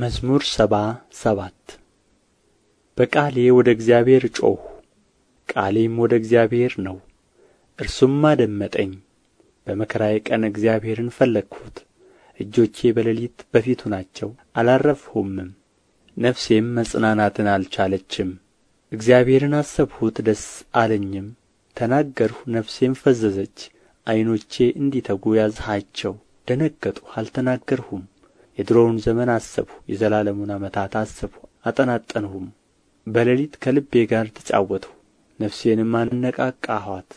መዝሙር ሰባ ሰባት በቃሌ ወደ እግዚአብሔር ጮኽሁ፣ ቃሌም ወደ እግዚአብሔር ነው፣ እርሱም አደመጠኝ። በመከራዬ ቀን እግዚአብሔርን ፈለግሁት፣ እጆቼ በሌሊት በፊቱ ናቸው፣ አላረፍሁምም። ነፍሴም መጽናናትን አልቻለችም። እግዚአብሔርን አሰብሁት፣ ደስ አለኝም፣ ተናገርሁ፣ ነፍሴም ፈዘዘች። ዐይኖቼ እንዲተጉ ያዝሃቸው፣ ደነገጥሁ፣ አልተናገርሁም። የድሮውን ዘመን አሰብሁ የዘላለሙን ዓመታት አሰብሁ አጠናጠንሁም በሌሊት ከልቤ ጋር ተጫወትሁ ነፍሴንም አነቃቃኋት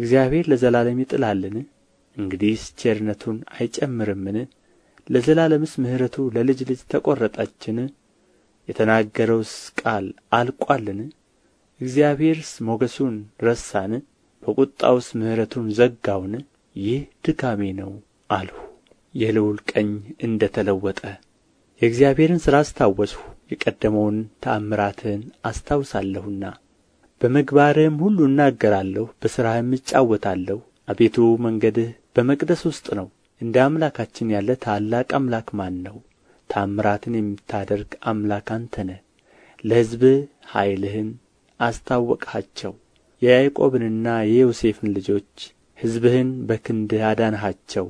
እግዚአብሔር ለዘላለም ይጥላልን እንግዲህስ ቸርነቱን አይጨምርምን ለዘላለምስ ምሕረቱ ለልጅ ልጅ ተቈረጠችን የተናገረውስ ቃል አልቋልን እግዚአብሔርስ ሞገሱን ረሳን በቁጣውስ ምሕረቱን ዘጋውን ይህ ድካሜ ነው አልሁ የልዑል ቀኝ እንደ ተለወጠ የእግዚአብሔርን ሥራ አስታወስሁ የቀደመውን ተአምራትህን አስታውሳለሁና በምግባርህም ሁሉ እናገራለሁ በሥራህም እጫወታለሁ አቤቱ መንገድህ በመቅደስ ውስጥ ነው እንደ አምላካችን ያለ ታላቅ አምላክ ማን ነው ተአምራትን የምታደርግ አምላክ አንተ ነህ ለሕዝብህ ኃይልህን አስታወቅሃቸው የያዕቆብንና የዮሴፍን ልጆች ሕዝብህን በክንድህ አዳንሃቸው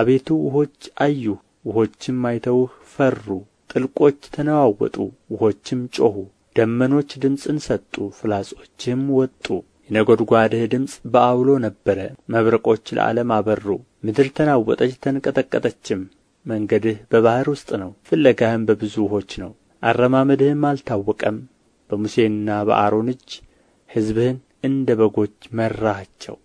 አቤቱ ውኆች አዩ ውኆችም አይተውህ ፈሩ ጥልቆች ተነዋወጡ ውኆችም ጮኹ ደመኖች ድምፅን ሰጡ ፍላጾችም ወጡ የነጐድጓድህ ድምፅ በዐውሎ ነበረ መብረቆች ለዓለም አበሩ ምድር ተናወጠች ተንቀጠቀጠችም መንገድህ በባሕር ውስጥ ነው ፍለጋህም በብዙ ውኆች ነው አረማመድህም አልታወቀም በሙሴና በአሮን እጅ ሕዝብህን እንደ በጎች መራሃቸው